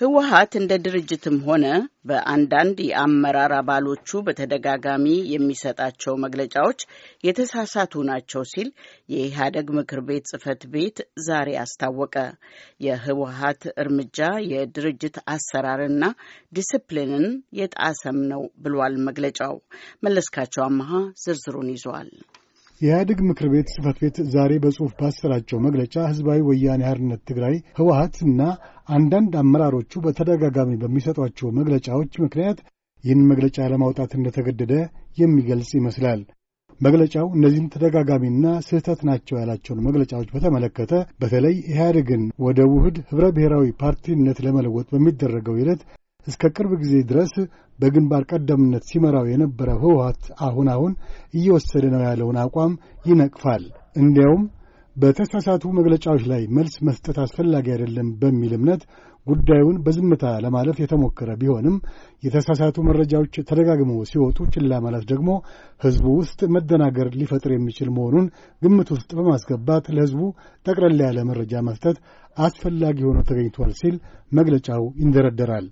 ህወሀት እንደ ድርጅትም ሆነ በአንዳንድ የአመራር አባሎቹ በተደጋጋሚ የሚሰጣቸው መግለጫዎች የተሳሳቱ ናቸው ሲል የኢህአደግ ምክር ቤት ጽህፈት ቤት ዛሬ አስታወቀ። የህወሀት እርምጃ የድርጅት አሰራርና ዲስፕሊንን የጣሰም ነው ብሏል መግለጫው። መለስካቸው አመሃ ዝርዝሩን ይዟል። የኢህአዴግ ምክር ቤት ጽህፈት ቤት ዛሬ በጽሑፍ ባሰራጨው መግለጫ ህዝባዊ ወያኔ ሓርነት ትግራይ ህወሓትና አንዳንድ አመራሮቹ በተደጋጋሚ በሚሰጧቸው መግለጫዎች ምክንያት ይህን መግለጫ ለማውጣት እንደተገደደ የሚገልጽ ይመስላል። መግለጫው እነዚህን ተደጋጋሚና ስህተት ናቸው ያላቸውን መግለጫዎች በተመለከተ በተለይ ኢህአዴግን ወደ ውህድ ኅብረ ብሔራዊ ፓርቲነት ለመለወጥ በሚደረገው ሂደት እስከ ቅርብ ጊዜ ድረስ በግንባር ቀደምነት ሲመራው የነበረ ህወሀት አሁን አሁን እየወሰደ ነው ያለውን አቋም ይነቅፋል። እንዲያውም በተሳሳቱ መግለጫዎች ላይ መልስ መስጠት አስፈላጊ አይደለም በሚል እምነት ጉዳዩን በዝምታ ለማለፍ የተሞከረ ቢሆንም የተሳሳቱ መረጃዎች ተደጋግመው ሲወጡ ችላ ማለት ደግሞ ህዝቡ ውስጥ መደናገር ሊፈጥር የሚችል መሆኑን ግምት ውስጥ በማስገባት ለህዝቡ ጠቅለል ያለ መረጃ መስጠት አስፈላጊ ሆኖ ተገኝቷል ሲል መግለጫው ይንደረደራል።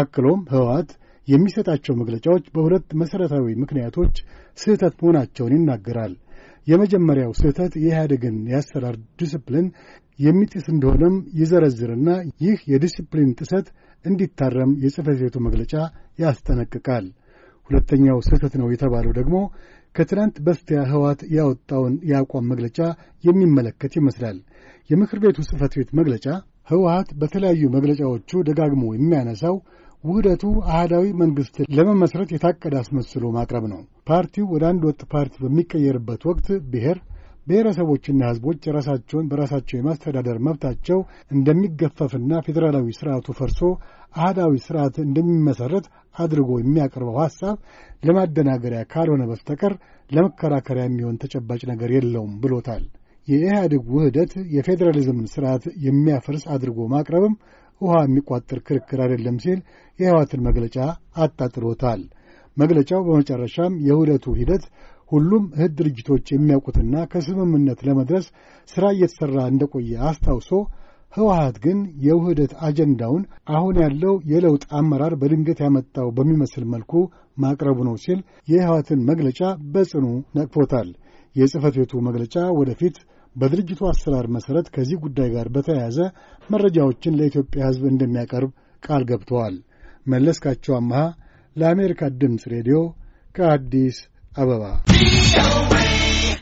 አክሎም ህወሓት የሚሰጣቸው መግለጫዎች በሁለት መሠረታዊ ምክንያቶች ስህተት መሆናቸውን ይናገራል። የመጀመሪያው ስህተት የኢህአደግን የአሰራር ዲስፕሊን የሚጥስ እንደሆነም ይዘረዝርና ይህ የዲስፕሊን ጥሰት እንዲታረም የጽህፈት ቤቱ መግለጫ ያስጠነቅቃል። ሁለተኛው ስህተት ነው የተባለው ደግሞ ከትናንት በስቲያ ህወሓት ያወጣውን የአቋም መግለጫ የሚመለከት ይመስላል። የምክር ቤቱ ጽፈት ቤት መግለጫ ህወሀት በተለያዩ መግለጫዎቹ ደጋግሞ የሚያነሳው ውህደቱ አህዳዊ መንግሥት ለመመስረት የታቀደ አስመስሎ ማቅረብ ነው። ፓርቲው ወደ አንድ ወጥ ፓርቲ በሚቀየርበት ወቅት ብሔር ብሔረሰቦችና ህዝቦች የራሳቸውን በራሳቸው የማስተዳደር መብታቸው እንደሚገፈፍና ፌዴራላዊ ስርዓቱ ፈርሶ አህዳዊ ስርዓት እንደሚመሠረት አድርጎ የሚያቀርበው ሐሳብ ለማደናገሪያ ካልሆነ በስተቀር ለመከራከሪያ የሚሆን ተጨባጭ ነገር የለውም ብሎታል። የኢህአዴግ ውህደት የፌዴራሊዝምን ስርዓት የሚያፈርስ አድርጎ ማቅረብም ውሃ የሚቋጥር ክርክር አይደለም ሲል የህወሓትን መግለጫ አጣጥሎታል። መግለጫው በመጨረሻም የውህደቱ ሂደት ሁሉም እህት ድርጅቶች የሚያውቁትና ከስምምነት ለመድረስ ሥራ እየተሠራ እንደቆየ አስታውሶ ህወሓት ግን የውህደት አጀንዳውን አሁን ያለው የለውጥ አመራር በድንገት ያመጣው በሚመስል መልኩ ማቅረቡ ነው ሲል የህወሓትን መግለጫ በጽኑ ነቅፎታል። የጽህፈት ቤቱ መግለጫ ወደፊት በድርጅቱ አሰራር መሠረት ከዚህ ጉዳይ ጋር በተያያዘ መረጃዎችን ለኢትዮጵያ ሕዝብ እንደሚያቀርብ ቃል ገብተዋል። መለስካቸው አመሃ ለአሜሪካ ድምፅ ሬዲዮ ከአዲስ አበባ